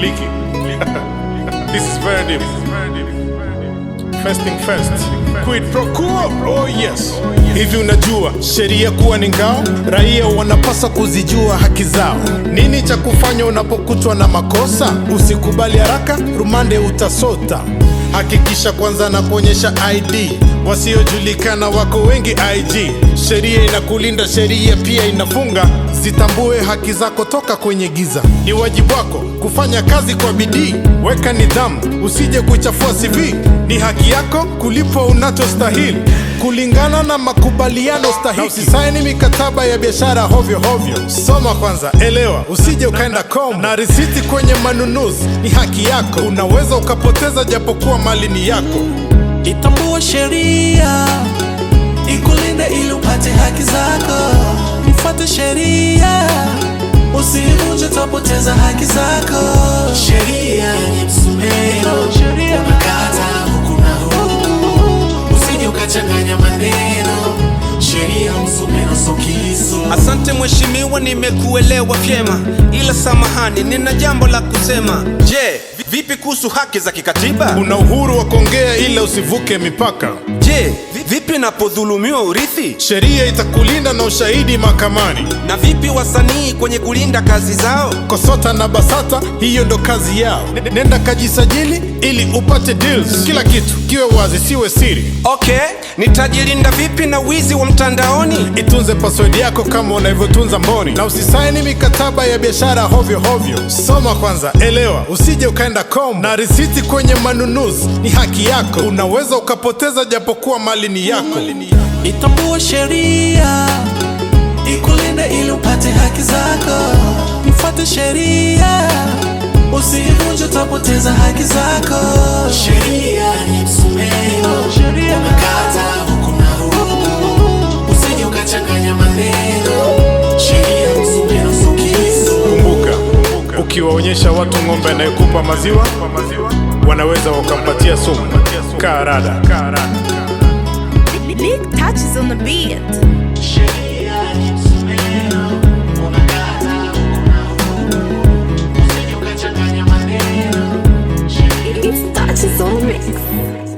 Leaky. this is very deep. First thing first. Quid pro quo. Oh yes. Hivi unajua sheria kuwa ni ngao, raia wanapasa kuzijua haki zao. Nini cha kufanya unapokutwa na makosa? Usikubali haraka, rumande utasota. Hakikisha kwanza na kuonyesha ID. Wasiojulikana wako wengi IG. Sheria inakulinda, sheria pia inafunga. Zitambue haki zako toka kwenye giza. Ni wajibu wako kufanya kazi kwa bidii. Weka nidhamu, usije kuchafua CV. Ni haki yako kulipwa unachostahili kulingana na makubaliano stahiki, usisaini mikataba ya biashara hovyo hovyo. Soma kwanza, elewa, usije ukaenda kom. Na risiti kwenye manunuzi ni haki yako, unaweza ukapoteza japokuwa mali ni yako. Itambua sheria ikulinde ili upate haki zako usifuate sheria, usivunje, utapoteza haki zako. Sheria ni msumeno, kata huku na huku, usije ukachanganya maneno. Sheria msumeno, sio kisu. Asante mheshimiwa, nimekuelewa vyema, ila samahani, nina jambo la kusema. Je, vipi kuhusu haki za kikatiba? Una uhuru wa kuongea, ila usivuke mipaka. Je Vipi napodhulumiwa urithi? Sheria itakulinda na ushahidi mahakamani. Na vipi wasanii kwenye kulinda kazi zao? KOSOTA na BASATA hiyo ndo kazi yao. Nenda kajisajili ili upate deals. Kila kitu kiwe wazi, siwe siri. Okay, nitajilinda vipi na wizi wa mtandaoni? Itunze password yako kama unavyotunza mboni, na usisaini mikataba ya biashara hovyo hovyo. Soma kwanza, elewa, usije ukaenda kombo. Na risiti kwenye manunuzi ni haki yako, unaweza ukapoteza japokuwa mali madini yako. Itambua sheria ikulinde ili upate haki zako. Mfuate sheria, usiivunje, utapoteza haki zako. Sheria ni msumeno, sheria kata huku na huku, usije ukachanganya maneno. Sheria msumeno sukizo. Kumbuka, ukiwaonyesha watu ng'ombe anayekupa maziwa wanaweza wakampatia sumu. Kaa rada. Unique touches on the beat. It's touches on mix.